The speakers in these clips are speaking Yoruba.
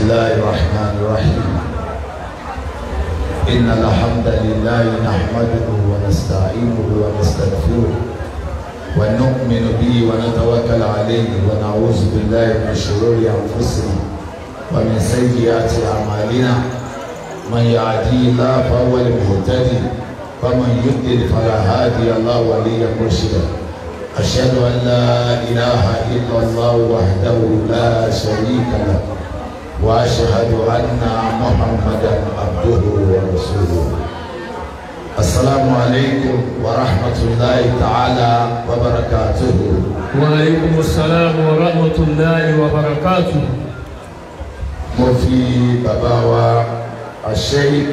بسم الله الرحمن الرحيم إن الحمد لله نحمده ونستعينه ونستغفره ونؤمن به ونتوكل عليه ونعوذ بالله من شرور أنفسنا ومن سيئات أعمالنا من يعدي الله فهو المهتدي ومن يدل فلا هادي الله ولي مرشدا أشهد أن لا إله إلا الله وحده لا شريك له واشهد ان محمدا عبده ورسوله السلام عليكم ورحمه الله تعالى وبركاته وعليكم السلام ورحمه الله وبركاته مفي باباوا الشيخ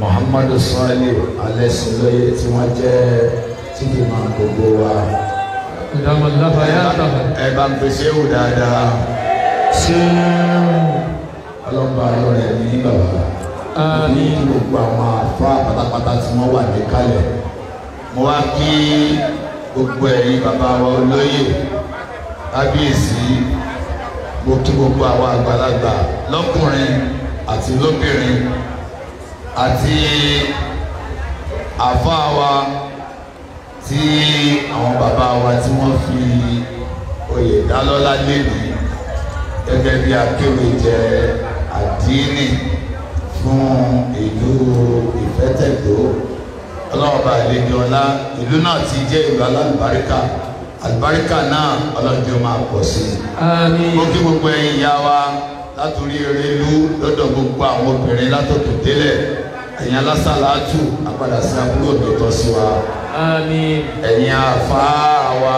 محمد الصالح عليه السلام تواجه تيجي مع باباوا ẹ bá ń pèsè wò dáadáa ṣé ọlọ́mọba ayọ̀rẹ́ mi ní bàbá ní gbogbo àwọn àfa pátápátá tí wọ́n wà ní kalẹ̀ mo wá kí gbogbo ẹ̀yin bàbá wa olóyè kábíyèsí mo kí gbogbo àwọn àgbàlagbà lọ́kùnrin àti lóbìnrin àti àfa wa tí àwọn bàbá wa tí wọ́n fi oyè dálọ́lá lé nìyí gẹ́gẹ́ bí akéwì jẹ àdínì fún ìlú ìfẹ́tẹ̀dó ọlọ́ọ̀bà àlejò ọlá ìlú náà ti jẹ́ ìlú alálùbáríkà àlùbáríkà náà ọlọ́jọ́ máa pọ̀ sí i. mo kí gbogbo ẹ̀yin ìyá wa látòrí erelú lọ́dọ̀ gbogbo àwọn obìnrin látòkè délẹ̀ ẹ̀yin alásàlátù apàdà sí abúlé òdòdó sí wa. ẹ̀yin àfáà wa.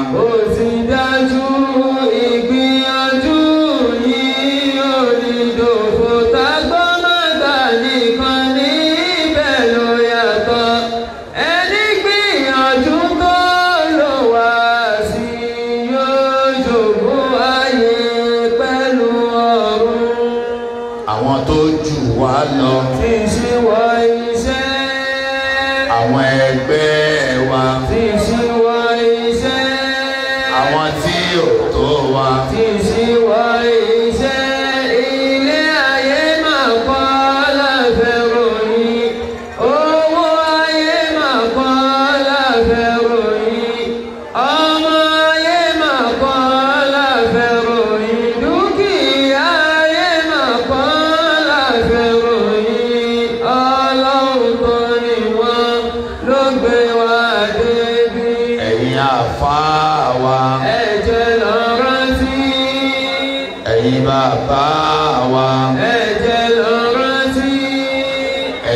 Amém.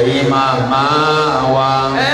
一茫茫。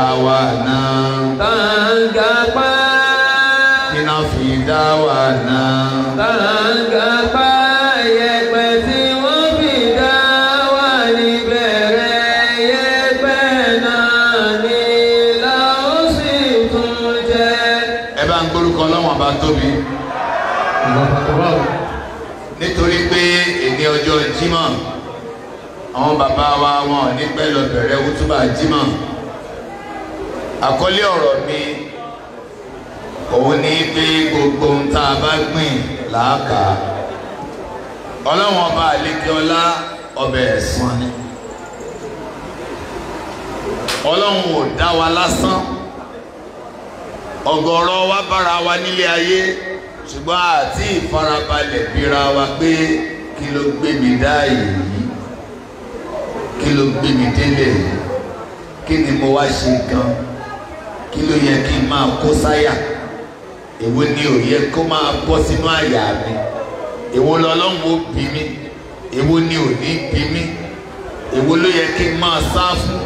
dawana. Tangapa. Iná fi dawana. Tangapa yẹ̀pẹ̀ tí wọ́n fi dá wà níbẹ̀rẹ̀ yẹ̀pẹ̀ náà ni làó sì tún jẹ́. Ẹ bá ń gbórúkọ lọ́wọ́n bá tóbi. Nítorí pé èmi ọjọ́ Jímọ̀ àwọn bàbá wa wọn ní pẹ́ lọ bẹ̀rẹ̀ wútúbà Jímọ̀ àkọlé ọ̀rọ̀ mi òun ni pé gbogbo ohun tá a bá gbìn làákà ọlọ́wọ́n ọba àlékè ọlá ọbẹ̀ ẹ̀sán ni ọlọ́run ò dá wa lásán ọ̀gọ̀rọ̀ wa bára wa nílé ayé ṣùgbọ́n àti ìfarabalẹ̀ bíra wa pé kí ló gbé mi dá èyí kí ló gbé mi délé kí ni mo wá ṣe gan-an kí ló yẹ kí n máa kó sáyà èwo ni ò yẹ kó máa bọ́ sínú àyà mi èwo lọ́lọ́run ó bí mi èwo ni ò ní bí mi èwo ló yẹ kí n máa sá fún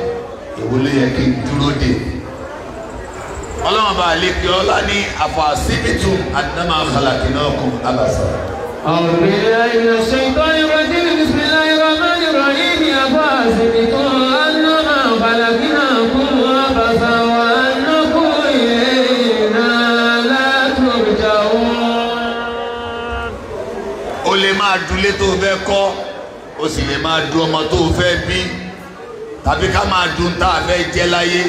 èwo ló yẹ kí n dúró dè ọlọ́run àlekè ọlá ní àfàsíbìtù àdámà kàlàkìnà ọkùn abàṣà. أعوذ بالله من الشيطان الرجيم بسم الله الرحمن الرحيم أفاسبتم أنما خلقناكم máa dulé tó fẹ́ kọ́ o sì lè máa du ọmọ tó fẹ́ bí tàbí ká máa dun tá a fẹ́ jẹ́ láyé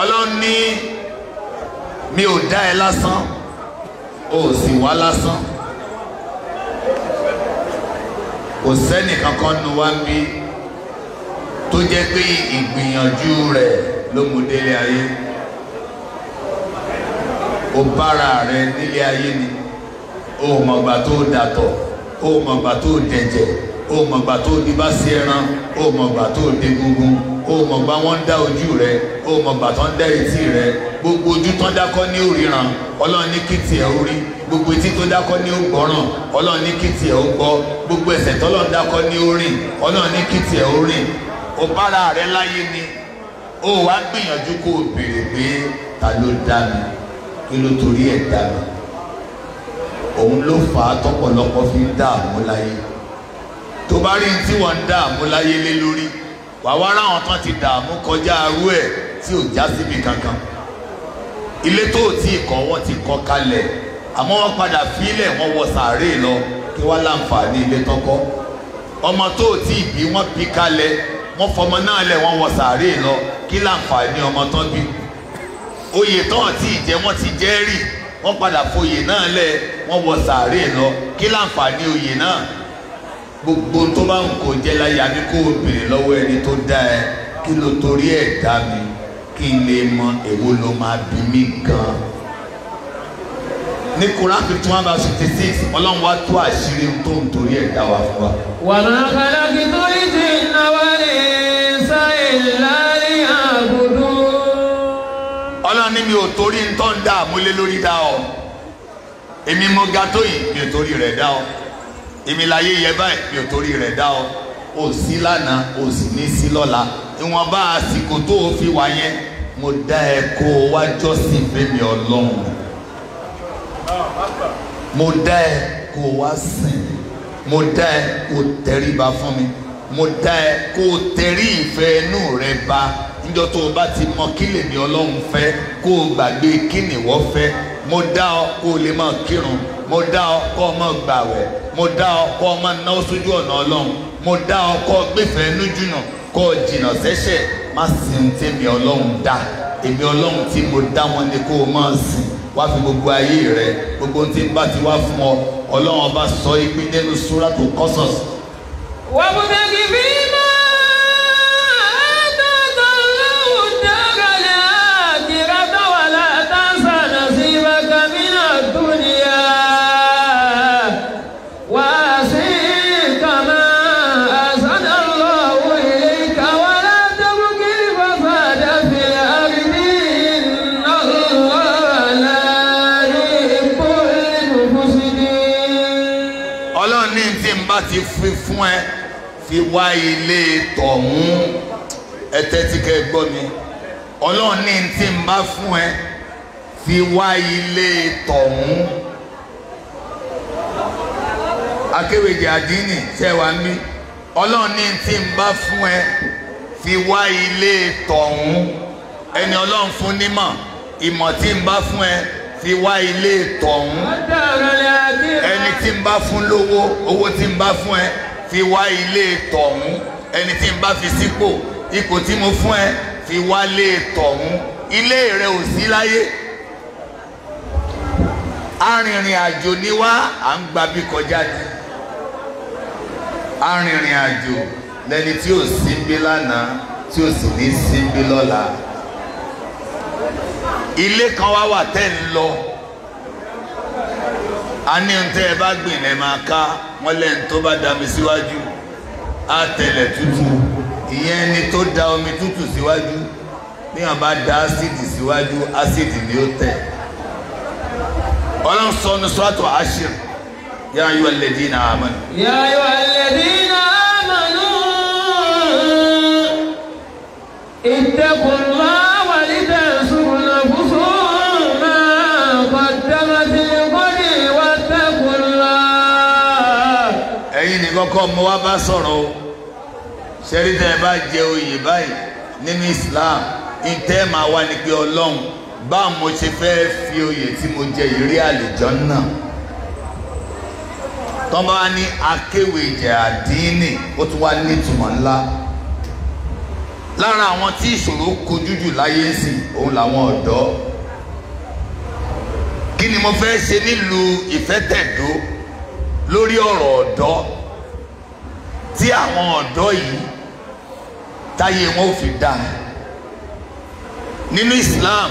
ọlọ́run ní mi ò dá ẹ lásán o sì wá lásán kò sẹ́nì kankan nu wá ń bí tó jẹ́ pé ìgbìyànjú rẹ̀ ló mú délé ayé o bára rẹ nílé ayé ni o mọ̀gbà tó dàtọ̀ o mọ̀gbà tó dẹ̀jẹ̀ o mọ̀gbà tó dibá sí ẹran o mọ̀gbà tó degungun o mọ̀gbà wọn ń dá ojú rẹ o mọ̀gbà tó ń dá etí rẹ gbogbo ojú tó ń dákọ́ ní òríran ọlọ́run ní kí tiẹ̀ ó rí gbogbo etí tó dákọ́ ní ó gbọ́ràn ọlọ́run ní kí tiẹ̀ ó gbọ́ gbogbo ẹsẹ̀ tọ́lọ́run dákọ́ ní ó ọlọ́run ní kí tiẹ̀ ó rìn rẹ láyé ni ó wá gbìyànjú kó o béèrè pé ta ló dá mi kí ló torí ẹ̀ dá mi òun ló fà á tọ́pọ̀lọpọ̀ fi ń dààmú láyé tó bá rí tí wọ́n ń dààmú láyé lé lórí wàá wá ráwọn tán ti dààmú kọjá arú ẹ̀ tí ò já síbi kankan ilé tó tí ì kọ́ wọ́n ti kọ́ kalẹ̀ àmọ́ wọ́n padà fílẹ̀ wọ́n wọ sàárè lọ kí wọ́n láǹfààní ilé tọ́kọ́ ọmọ tó tí ì bí wọ́n bí kalẹ̀ wọ́n fọmọ náà lẹ̀ wọ́n wọ sàárè lọ kí láǹfààní ọmọ tán bí oyè tán tí ì jẹ ti jẹ́ rì wọ́n padà foyè náà lẹ̀ wọ́n wọ sàárè lọ kí láǹfààní oyè náà gbogbo tó bá ń kó jẹ́ láyà ni kó o bèrè lọ́wọ́ ẹni tó dá ẹ kí ló torí ẹ̀ dá mi kí n lè mọ èwo ló máa bí mi gan. ní Quran fifty one verse fifty six ọlọ́run wá tú àṣírí tó ń torí ẹ̀ dá wa fún wa. wàlúùkọ́lá kìtó ìdí náwó lè sá èlá. ní mi ò torí ń tọ́ ń dà múlé lórí dá ọ èmi mo ga tó yìí mi ò torí rẹ̀ dá ọ èmi láyé yẹ báyìí mi ò torí rẹ̀ dá ọ ò sí lánàá ò sì ní sí lọ́la ìwọ̀nba àsìkò tó o fi wà yẹn mo dá ẹ kó o wá jọ́sìn fẹ́mi ọlọ́run mo dá ẹ kó o wá sìn mo dá ẹ kó o tẹríba fún mi mo dá ẹ kó o tẹrí ìfẹ́ inú rẹ ba níjọ́ tó o bá ti mọ kí lèmi ọlọ́run fẹ́ kó o gbàgbé kí nìwọ fẹ́ mo dá ọ kó o lè máa kírun mo dá ọ kó o máa gbàwẹ̀ mo dá ọ kó o máa náwó sójú ọ̀nà ọlọ́run mo dá ọ kó o gbẹ̀fẹ̀ nújùnà kó o jìnà sẹ́ṣẹ̀ má sìn tèmi ọlọ́run dá èmi ọlọ́run tí mo dá wọn ni kó o máa sìn wá fi gbogbo ayé rẹ gbogbo tí n bá ti wá fún ọ ọlọ́run ọba sọ ìpín nínú súrà tó Qasas. wàá bùnà kìí fi fi wá ilé tọ̀hún ẹ tẹ́tí kẹ́ ẹ gbọ́ mi ọlọ́run ní tí n bá fún ẹ fi wá ilé tọ̀hún akéwèjì àdínì tẹ́ wá mí ọlọ́run ní tí n bá fún ẹ fi wá ilé tọ̀hún ẹni ọlọ́run fún nímọ̀ ìmọ̀ tí n bá fún ẹ fi wá ilé tọ̀hún ẹni tí n bá fún lówó owó tí n bá fún ẹ fi wá ilé tọ̀hún ẹni tí n bá fi sípò ipò tí mo fún ẹ fi wá ilé tọ̀hún ilé rẹ ò sí láyé arìnrìn àjò ni wá à ń gba kọjá ni arìnrìn àjò lẹni tí ò sí bí lánàá tí ò sì ní sí bí lọ́la ilé kan wá wà tẹ́ ń lọ a ní n tẹ́ ẹ bá gbìn lẹ́ máa ká wọ́n lẹ́nu tó bá da síwájú á tẹ̀lẹ̀ tútù ìyẹn ni tó da omi tútù síwájú bí wọ́n bá da ásìdì síwájú ásìdì ni ó tẹ̀ ọlọ́run sọ ní sọ́tò àṣírí yá ayọ́ lẹ́dí náà amanu. yá ayọ́ lẹ́dí náà amanu ìtẹ̀kùn náà. kọ́kọ́ mo wá bá sọ̀rọ̀ o ṣẹ́rí tẹ́ ẹ bá jẹ oyè báyìí nínú Islam ìtẹ́ máa wá ní pé Ọlọ́run bá mo ṣe fẹ́ fi oyè tí mo jẹ ìrí àlejò náà tọ́ bá ní akéwì ìjẹ́ àdínì ó tún wá nítumọ̀ ńlá lára àwọn tí ìṣòro kojú jù láyé sí òun làwọn ọ̀dọ́ kí ni mo fẹ́ ṣe nílùú ìfẹ́tẹ̀dó lórí ọ̀rọ̀ ọ̀dọ́ tí àwọn ọ̀dọ́ yìí táyé wọn ò fi dáa nínú Islam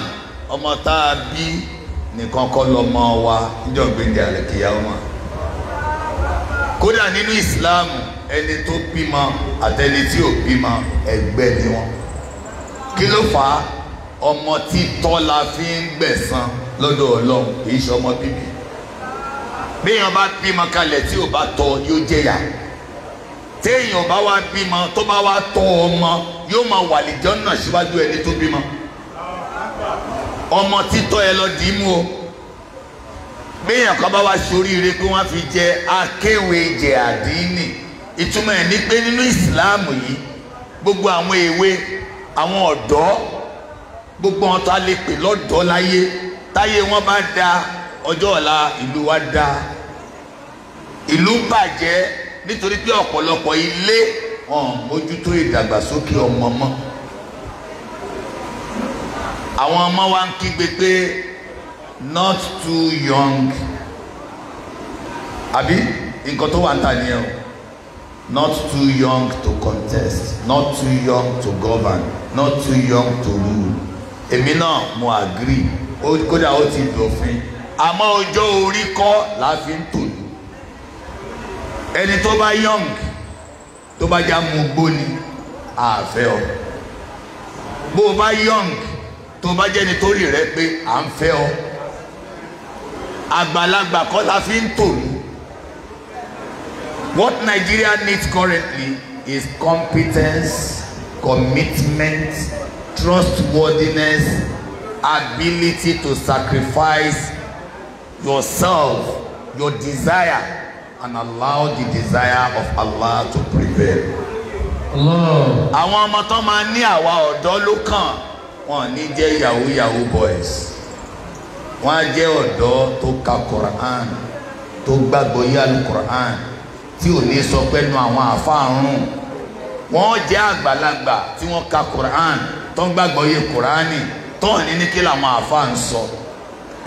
ọmọ tá a bí nìkan kọ́ lọ́mọ wa níjọ́ gbẹ̀ndẹ̀ àlẹ́kìyà ọmọ kódà nínú Islam ẹni tó bímọ àtẹni tí ò bímọ ẹgbẹ́ ni wọn kí ló fà á ọmọ títọ́ la fi ń gbẹ̀san lọ́dọ̀ Ọlọ́run kì í ṣe ọmọ bíbí bí èèyàn bá bímọ kalẹ̀ tí ò bá tọ́ yóò jẹ̀yà téèyàn bá wá bímọ tó bá wá tọ́ ọmọ yóò máa wà lìjọ́ náà síwájú ẹni tó bímọ ọmọ títọ́ ẹ lọ dì í mú o béèyàn kan bá wá ṣoríire pé wọ́n fi jẹ akéwèé jẹ àdínì ìtumọ̀ ẹ̀ ní pé nínú ìsìláàmù yìí gbogbo àwọn èwe àwọn ọ̀dọ́ gbogbo wọn tó a lè pè lọ́dọ̀ọ́ láyé táyé wọn bá da ọjọ́ ọ̀la ìlú wa da ìlú bàjẹ́ nítorí pé ọ̀pọ̀lọpọ̀ ilé hàn mójútó ìdàgbàsókè ọmọ mọ́ àwọn ọmọ wa ń kígbe pé not too young àbí nǹkan tó wà ń tà ní ẹ o not too young to contest not too young to govern not too young to rule èmi náà mo agree kódà ó ti dòfin àmọ́ ọjọ́ orí kọ́ la fi ń tò ẹni tó bá young tó bá já mu gbó ni ọ bó o bá young tó bá jẹ́ nítorí rẹ pé à ń fẹ́ ọ àgbàlagbà kọ́ la fi ń tòlú what Nigeria needs currently is competence commitment trustworthiness ability to sacrifice yourself your desire and allow the desire of Allah to prevail. àwọn ọmọ tó máa ní àwa ọ̀dọ́ ló kàn wọ́n ní jẹ́ yahoo yahoo boys wọ́n á jẹ́ ọ̀dọ́ tó ka Quran tó gbàgbọ́ yálù Quran tí ò ní sọ pẹ́nu àwọn àfáàrùn wọ́n jẹ́ àgbàlagbà tí wọ́n ka Quran tó ń gbàgbọ́ yé Qurani tó ń ní ní kí làwọn àfáà ń sọ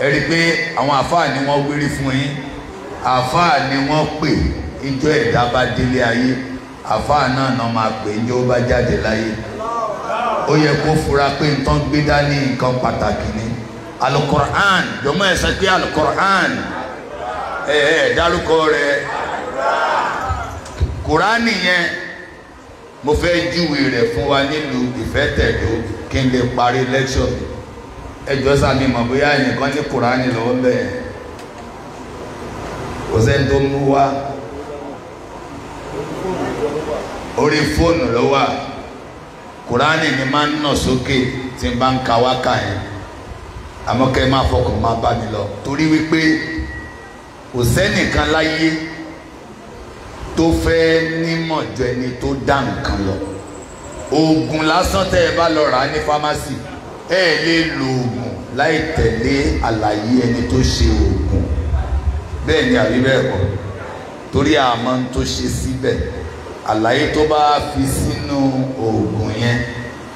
ẹ rí i pé àwọn àfáà ni wọ́n wírí fún yín àfáà ni wọ́n pè ìjọ ẹ̀dá bá délé ayé àfáà náà náà máa pè ní ó bá jáde láyé ó yẹ kó fura pé nǹkan gbé dání nǹkan pàtàkì ni alukoran jọmọ ẹsẹ pé alukoran ẹ ẹ dárúkọ rẹ kurani yẹn mo fẹ́ júwe rẹ̀ fún wa nílùú ìfẹ́tẹ̀dó kí n lè parí lẹ́kṣọ̀ ẹjọ́ sàmì mọ̀ bóyá ẹnìkan ní kurani lọ́wọ́ bẹ́ẹ̀ kò sẹ́ni tó mú wá orí fóònù ló wà kùránì ni máa ń nà sókè tí n bá ń ka wákà yẹn àmọ́ kẹ́ máa fọkàn máa bá mi lọ torí wípé kò sẹ́nìkan láyé tó fẹ́ nímọ̀ ju ẹni tó dá nǹkan lọ oògùn lásán tẹ́ ẹ bá lọ rà á ní fámásì ẹ lè lo oògùn láì tẹ̀lé àlàyé ẹni tó ṣe oògùn bẹ́ẹ̀ ni àbí bẹ́ẹ̀ kọ́ torí àmọ́ ń tó ṣe síbẹ̀ àlàyé tó bá fi sínú oògùn yẹn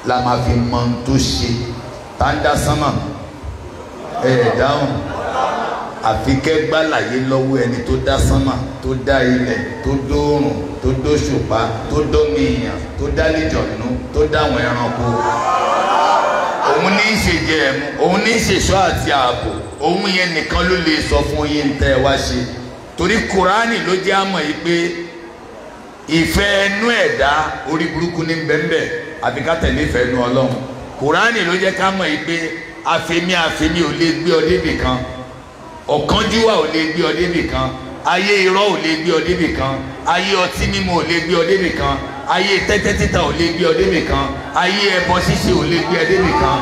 la máa fi mọ ń tó ṣe tá ń dá sánmà ẹ̀ dáhùn àfi kẹ́ gbàlàyé lọ́wọ́ ẹni tó dá sánmà tó dá ilẹ̀ tó dóòrùn tó dóṣùpá tó dómi èèyàn tó dálẹ́jọ̀nù tó dáwọn ẹranko òun ní í ṣe jẹ́ ẹ̀mú òun ní í ṣe ṣọ́ àti ààbò òun yẹn nìkan ló lè sọ fún yín tẹ́ ẹ wá ṣe torí kuraani ló jẹ́ àmọ̀ yìí pé ìfẹ́ ẹnu ẹ̀dá orí burúkú ní bẹ́ẹ̀nbẹ́ àfi ká tẹ̀lé ìfẹ́ ẹnu ọlọ́run kuraani ló jẹ́ ká mọ̀ yìí pé àfẹ́mi àfẹ́mi ò lè gbé ọ débì kan ọ̀kánjúwà ò lè gbé ọ débì kan ayé irọ́ ò lè gbé ọ débì ayé ọtí mímu ò lè gbé ọ débì ayé tẹ́tẹ́ títa ò lè gbé ọ débì ayé ẹbọ ṣíṣe ò lè gbé ọ débì kan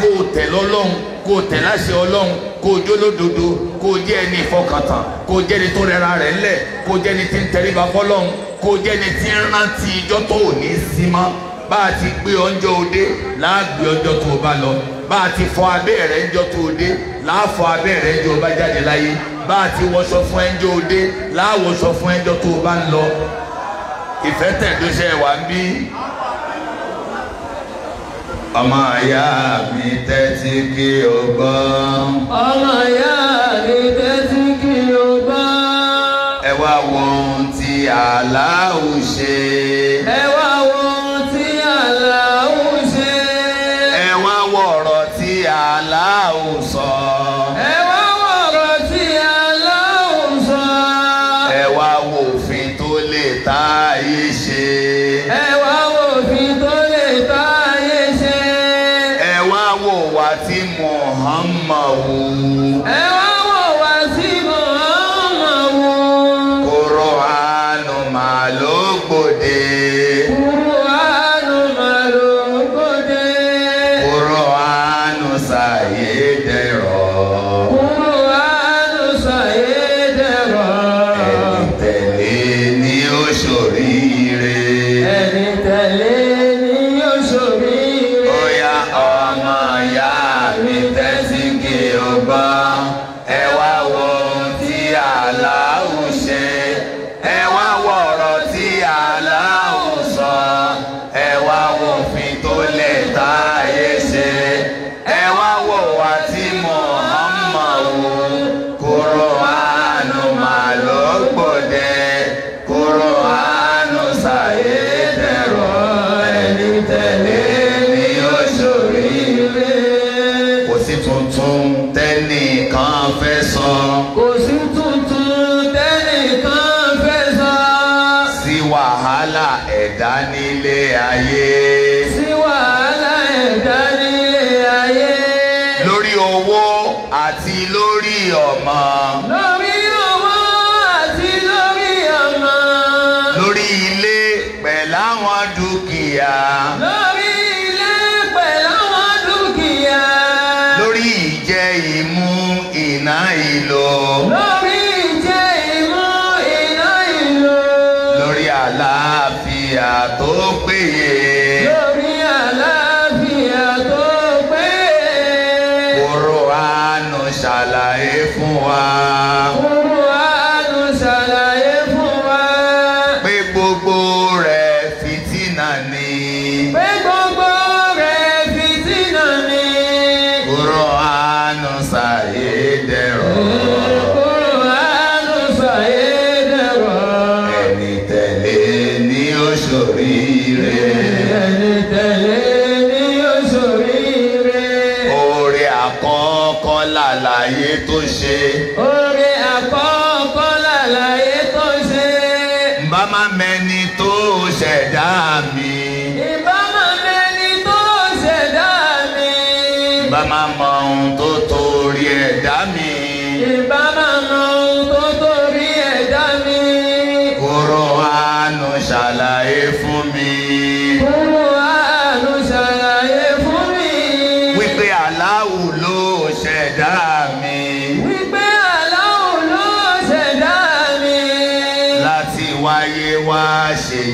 kó o tẹ̀ lọ́lọ́run kó o tẹ̀ láṣẹ ọlọ́run kó o jólódodo kó o jẹ́ ẹni ìfọkàntàn kó o jẹ́ ẹni tó rẹra rẹ̀ ńlẹ̀ kó o jẹ́ ẹni tí ń tẹríba fọlọ́run kó o jẹ́ ẹni tí ń rántí ijọ́ tó ò ní í sí mọ́ bá a ti gbé ọjọ́ òde láàgbé ọjọ́ tó o bá lọ bá a ti fọ abẹ́ rẹ̀ ńjọ́ tó o dé láàfọ abẹ́ rẹ̀ ńjọ́ bá jáde láyé bá a ti wọṣọ fún ẹjọ́ òde láàwọṣọ fún ẹjọ́ tó o bá ń lọ ìfẹ́ tẹ̀dọ́ṣẹ́ wà ń bí ọmọ ìyá mi tẹ́tí kí o gbọ́. ọmọ ìyá mi tẹ́tí kí o gbọ́. ẹ wá wo ohun tí aláwo ṣe. ẹ wá.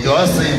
gostem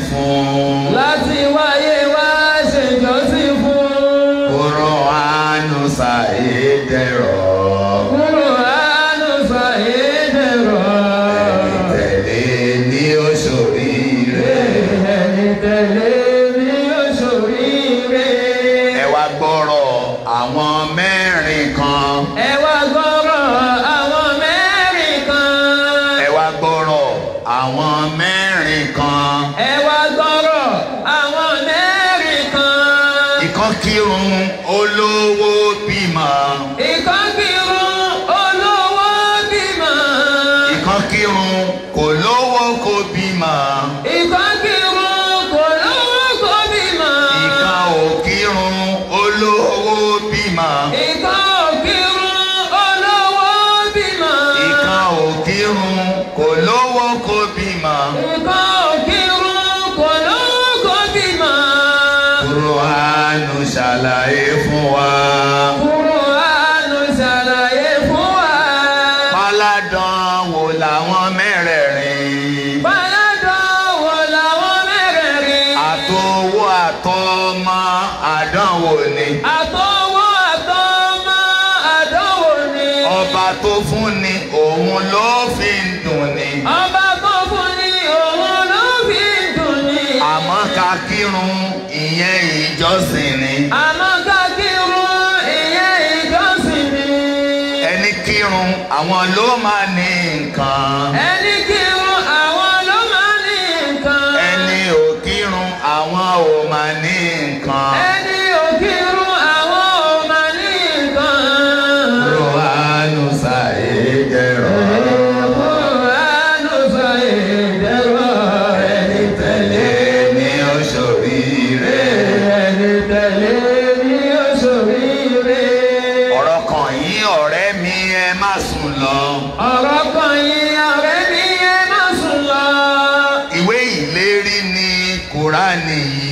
nìyí.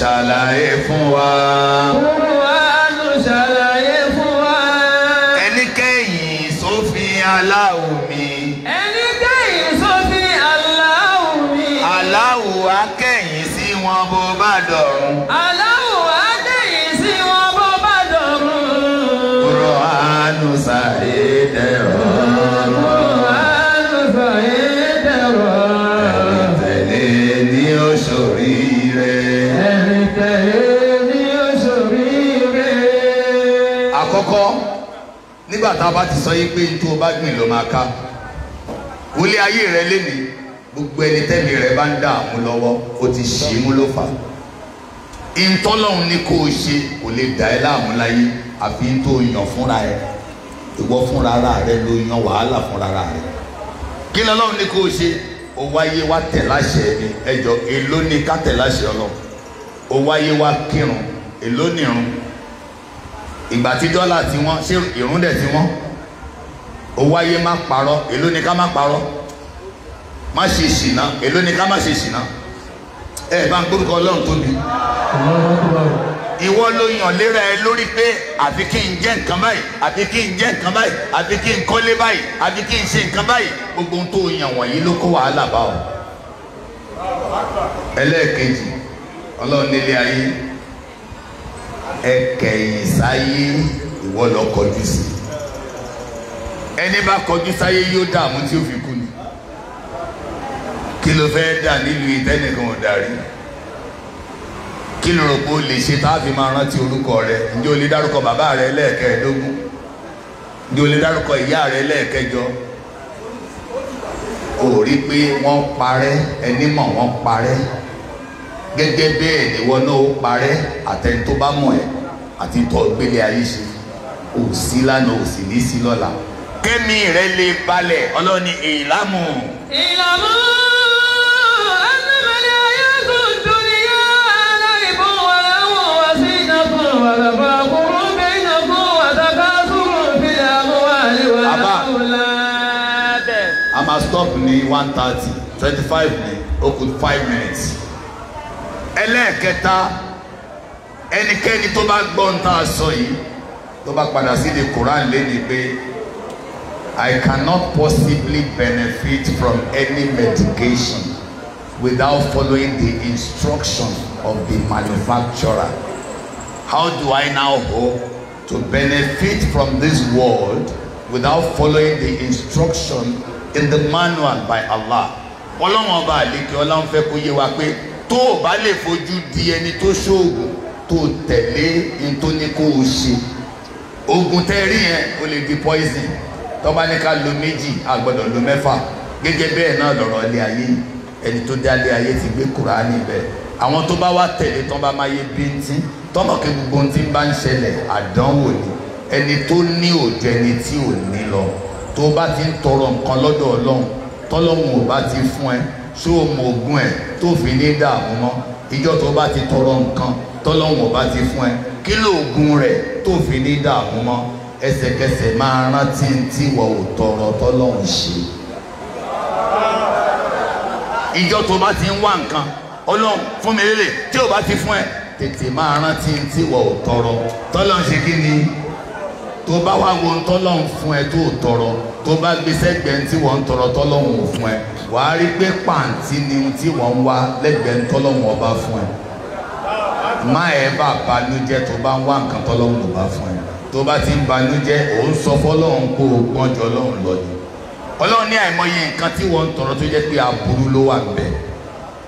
ṣàlàyé fún wa. Kùránù ṣàlàyé fún wa. Ẹnikẹ́yìn sófin aláwo mi. Ẹnikẹ́yìn sófin aláwo mi. Aláwo akẹ́yìn sí wọn bó bá dọ̀run. Aláwo akẹ́yìn sí wọn bó bá dọ̀run. Kùránù ṣàlàyé dẹ̀rọ̀. àkọ́kọ́ nígbà tá a bá ti sọ yìí pé tó o bá gbìn ló máa ká wọlé ayé rẹ lénìí gbogbo ẹni tẹ́mi rẹ bá ń dààmú lọ́wọ́ o ti ṣì í mú ló fà ìtọ́lọ́hún ni kò ṣe kò lè dà ẹ́ láàmú láyé àfi tó o yàn fúnra ẹ ìwọ fúnra ara rẹ ló yan wàhálà fúnra ara rẹ kí lọ́lọ́hún ni kò ṣe o wáyé wa tẹ̀ láṣẹ mi ẹjọ́ èló ni ká tẹ̀ láṣẹ ọlọ́ o wáyé wa kírun èló nìrun ìgbà tí dọ́là ti wọ́n ṣé ìrún dẹ̀ ti wọ́n owó ayé má parọ́ èló ni ká má parọ́ má ṣe ṣìnà èló ni ká má ṣe ṣìnà ẹ bá ń gbórúkọ ọlọ́run tóbi ìwọ ló yàn léra ẹ lórí pé àfi kí n jẹ nǹkan báyìí àfi kí n jẹ nǹkan báyìí àfi kí n kọ́lé báyìí àfi kí n ṣe nǹkan báyìí gbogbo ohun tó yàn wọ̀nyí ló kó wàhálà bá ọ ẹlẹ́ẹ̀kejì ọlọ́run nílé ayé ẹkẹyìn sáyé ìwọ lọ kọjú sí ẹni bá kọjú sáyé yóò dààmú tí ó fi kú ni kí ló fẹ́ dà nílùú ìtẹ́nìkan ò darí kí ló rò pé o lè ṣe tá a fi máa rántí orúkọ rẹ ǹjẹ́ o lè dárúkọ bàbá rẹ lẹ́ẹ̀kẹ́ẹ̀dógún ǹjẹ́ o lè dárúkọ ìyá rẹ lẹ́ẹ̀kẹjọ o rí pé wọ́n parẹ́ ẹni mọ̀ wọ́n parẹ́ gẹ́gẹ́ bẹ́ẹ̀ ìwọ náà ó parẹ́ àtẹni tó bá mọ̀ ẹ́ àti tó gbélé ayé ṣe ò sí lánàá ò sì ní sí lọ́la kẹ́mi rẹ lè balẹ̀ ọlọ́ni ìlàmù. ìlàmù. a máa stop ní one thirty twenty five ní ó five minutes ẹlẹ́ẹ̀kẹta ẹnikẹ́ni tó bá gbọ́ ń tá sọ yìí tó bá padà sí di Quran léde pé I cannot possibly benefit from any medication without following the instruction of the manufacturer. How do I now hope to benefit from this world without following the instruction in the manual by Allah? Ọlọ́run ọba àlekè ọlá ń fẹ́ kó yé wa pé tó o bá lè fojú di ẹni tó ṣoògùn tó tẹ̀lé ní tó ní kó o ṣe oògùn tẹ́ rí yẹn o lè di poison tó bá ní ká lo méjì a gbọ́dọ̀ lo mẹ́fà gẹ́gẹ́ bẹ́ẹ̀ náà lọ̀rọ̀ ilé ayé ẹni tó dá ilé ayé ti gbé kúránì bẹ́ẹ̀ àwọn tó bá wá tẹ̀lé tó máa yé bíntín tọmọ kí gbogbo ohun bá ń ṣẹlẹ̀ àdánwò ni ẹni tó ní òjò ẹni tí ò ní lọ tó bá ti ń tọrọ nǹkan lọ́dọ̀ Ọlọ́run tọ́lọ́hún ò bá ti fún ẹ só o mọ ogún ẹ tó fi ní dààmú mọ́ ìjọ tó bá ti tọrọ nǹkan tọ́lọ́hún ò bá ti fún ẹ kí lóògùn rẹ̀ tó fi ní dààmú mọ́ ẹsẹ̀kẹsẹ̀ máa rántí tí wọ́n ò tọrọ tọ́lọ́hún ṣe. ìjọ tó bá ti ń wá nǹkan ọlọ́run fún mi lélẹ̀ tí ò bá ti fún ẹ tètè máa rántí tí wọ́n ò tọrọ tọ́lọ́hún ṣe kí ni tó bá wá wo tọ́lọ́hún fún ẹ tó tọrọ tó bá gbé sẹ́gbẹ̀ẹ́ tí wọ́n ń tọrọ tọ́lọ́hún fún ẹ wàá rí pé pàǹtí ni tí wọ́n ń wá lẹ́gbẹ̀ẹ́ tọ́lọ́hún ọba fún ẹ má ẹ bá banújẹ́ tó bá ń wá nǹkan tọ́lọ́hún ọba fún ẹ tó bá ti ń banújẹ́ ò ń sọ fọ́lọ́hún kó o gbọ́n jọ ọlọ́hún lọ ni ọlọ́hún ní àìmọye nǹkan tí wọ́n ń tọrọ tó jẹ́ pé aburú ló wà bẹ̀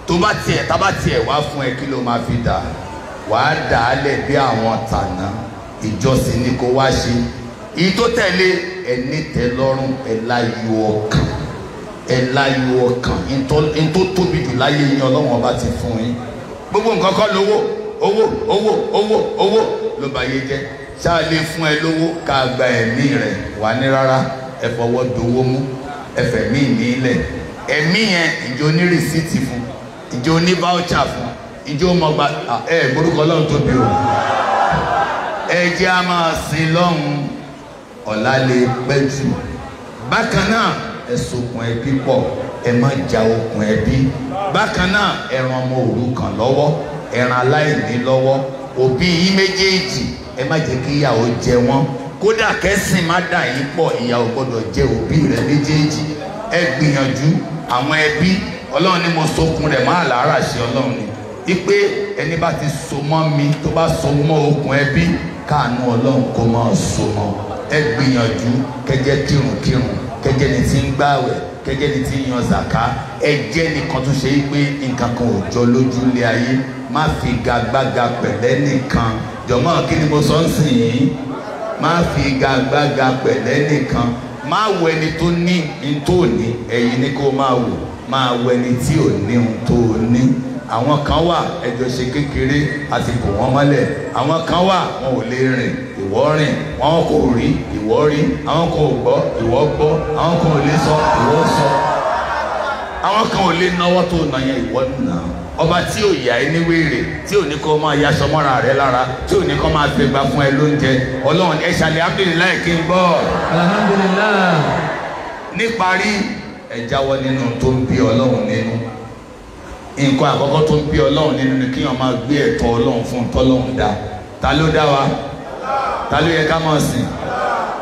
tó bá tiẹ̀ tá bá tiẹ̀ wá fún ẹ kí ló máa fi dà wàá dà á lẹ̀ bí àwọn tànà ìjọsìn ni kó wá ṣe èyí tó tẹ̀lé ẹ nítẹ́lọ́rùn ẹ láyọ̀ ọkàn ẹ láyọ̀ ọkàn ntó tóbi jù láyé yín ọlọ́run ọba ti fún yín gbogbo nǹkan kọ́ lówó owó owó owó owó ló bá yé jẹ́ ṣáà lè fún ẹ lówó ká gba ẹ̀mí rẹ̀ wà ní rárá ẹ fọwọ́ dowó mú ẹ fẹ̀mí mi lẹ̀ ẹ̀mí yẹn ìjọ ní rìsíìtì fún ìjọ ní voucher fún ìjọ mọ̀gbà ẹ̀ gbórúkọ lọ́run tóbi o ẹ jẹ́ a máa sin lọ́hùn ọ̀la lè pẹ́ jù bákan náà ẹ sokùn ẹbí pọ̀ ẹ má ja okùn ẹbí bákan náà ẹ ran ọmọ òrukàn lọ́wọ́ ẹ ran aláìní lọ́wọ́ òbí yín méjèèjì ẹ má jẹ́ kí ìyàwó jẹ wọ́n kódà kẹ́sìn má dà yín pọ̀ ìyàwó gbọ́dọ̀ jẹ òbí rẹ méjèèjì ẹ gbìyànjú àwọn ẹbí ọlọ́run ni mo sokun rẹ̀ mọ́ àlàárà ṣe ọlọ́run ni wípé ẹni bá ti so mọ́ mi tó bá so mọ́ okùn ẹbí káàánú ọlọ́run kó mọ́ so mọ́ ẹ gbìyànjú kẹjẹ kírunkírun kẹjẹ ni ti ń gbààwẹ̀ kẹjẹ ni ti ń yan zàká ẹ jẹ́ nìkan tó ṣe é pé nǹkan kan ò jọ lójú ilé ayé má fi gagbága pẹ̀lẹ́ nìkan jọ̀mọ́ kí ni mo sọ ń sìn yìí má fi gagbága pẹ̀lẹ́ nìkan má wo ẹni tó ní ní tó ní ẹ̀yin ni kó máa wò máa wo ẹni tí ò ní ohun tó ní àwọn kan wà ẹjọ́ ṣe kékeré àti bò wọ́n mọ́lẹ̀ àwọn kan wà wọn ò lè rìn ìwọ rìn àwọn kò rí ìwọ rí àwọn kan ò gbọ́ ìwọ gbọ́ àwọn kan ò lè sọ ìwọ sọ àwọn kan ò lè náwó tó nà yẹn ìwọ nà ọba tí ò yà ẹ ní wéèrè tí ò ní kó máa yaṣọ mọ́ra rẹ lára tí ò ní kó máa fẹgbà fún ẹ lóúnjẹ ọlọ́run ẹ ṣàlẹ̀ alhamdulilayi kí n bọ̀. alhamdulilayi. níparí ẹ jáwọ́ nínú tó ń bí ọlọ́run nínú nǹkan àkọ́kọ́ tó ń bí ọlọ́run nínú ni kí wọ́n máa gbé ẹ̀tọ́ ọlọ́run fún tọ́lọ́run dá ta ló dá wa ta ló yẹ ká mọ̀ sìn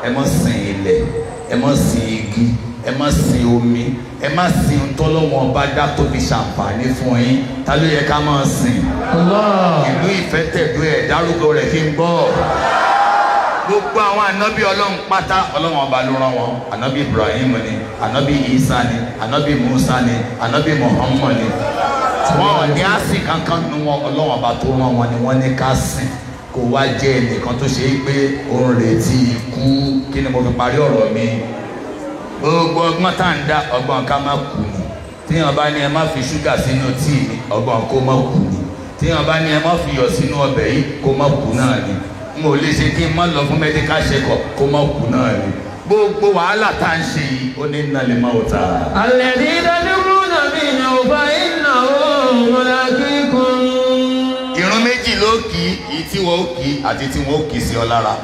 ẹ mọ̀ sìn ilẹ̀ ẹ mọ̀ sìn igi ẹ má sin omi ẹ má sin ntọ́lọ́wọ́n ọba dá tóbi ṣàǹfààní fún yín ta ló yẹ ká máa sìn. ìlú ìfẹ́ tẹ̀dú ẹ̀ dárúkọ rẹ̀ kí n gbọ́. gbogbo àwọn ànábì ọlọ́run pátá ọlọ́run ọba ló rán wọn ànábì Ibrahim ni ànábì Isa ni ànábì Musa ni ànábì Muhammad ni wọn ò ní àsìn kankan nu wọn ọlọ́run ọba tó rán wọn ni wọ́n ní ká sìn kó wá jẹ́ ẹnìkan tó ṣe é pé òun retí ikú kí ni mo fi parí ọ̀rọ̀ mi gbogbo ọgbọ́n tá à ń dá ọgbọ́n ká má kú ni téèyàn bá ní ẹ má fi ṣúgà sínú tíì ni ọgbọ́n kó má kú ni téèyàn bá ní ẹ má fi yọ̀ sínú ọbẹ̀ yìí kó má kú náà ni n ò lè ṣe kí n má lọ fún mẹ́díkà ṣẹ́kọ̀ kó má kú náà ni gbogbo wàhálà tá à ń ṣe yìí ó ní ìrun méjì ló kì í èyí tí wọ́n ó kì í àti tí wọ́n ó kì í sí ọ lára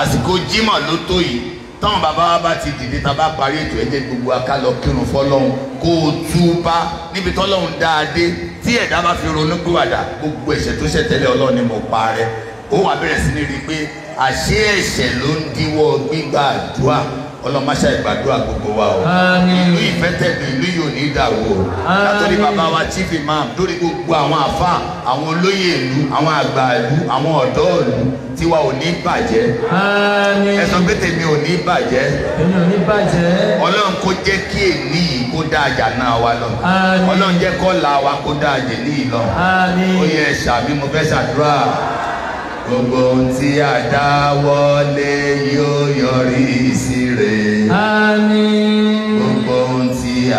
àsìkò jímọ̀ ló tó yìí táwọn bàbá wa bá ti dìde tá a bá parí ètò ẹ̀jẹ̀ gbogbo akálọ̀ kírun fọlọ́hún kó o túbá níbi tọ́lọ́hún dáadé tí ẹ̀dá bá fi ronú gbòwàdà gbogbo ẹ̀ṣẹ̀ tó ṣẹ̀ tẹ́lẹ̀ ọlọ́run ni mo pa rẹ̀ ó wá bẹ̀rẹ̀ sí ní rí i pé àṣé ẹ̀ṣẹ̀ ló ń díwọ́ gbígbà àdúrà ọlọmọṣẹ ìgbàdúrà gbogbo wa o ìlú ìfẹtẹlú ìlú yóò ní ìdàwó o látọrí bàbá wa chief imam lórí gbogbo àwọn àfa àwọn olóyè ìlú àwọn àgbà ìlú àwọn ọ̀dọ́ ìlú tiwa ò ní bàjẹ́ ẹ̀sán pété mi ò ní bàjẹ́ ọlọ́run kò jẹ́ kí èmi yìí kó dáa náà wa lọ ọlọ́run jẹ́ kọ́ la wa kó dáa jẹ̀ níyì lọ ó yẹ mo fẹ́ ṣàdúrà gbogbo ohun a dáwọ́ lé yóò yọrí sí rè. àmín. gbogbo ohun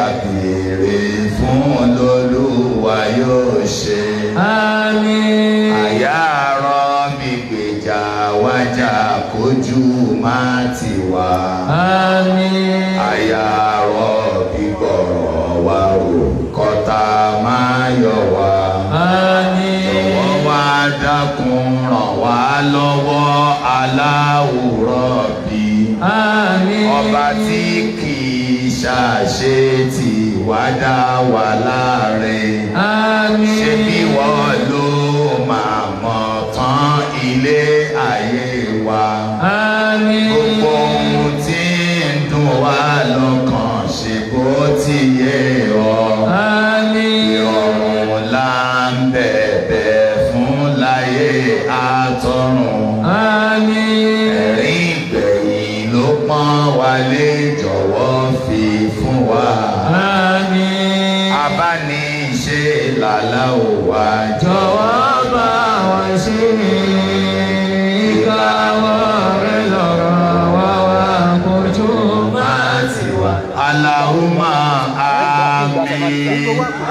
a béèrè fún olólùwà yóò ṣe. àmín. àyà rán gbígbèjà wájà kójú má ti wá. àmín. àyà rán gbígbọ̀rọ̀ wa ò kọ́ta má yọ wá. àmín wá dákun ràn wá lọ́wọ́ aláwòrán bí. ọba tí kì í ṣàṣe tì wá dá wa láre. ṣé bí wọ́n ló máa mọ̀ tán ilé ayé wa. lè jọ̀wọ́ fi fún wa. Àmín. Abáni ṣe làlá ò wá. Jọ̀wọ́ bá wa ṣe ìkáwọ́ rẹ lọ́rọ̀ wá wá kojú má tiwa. Allahumma àmín.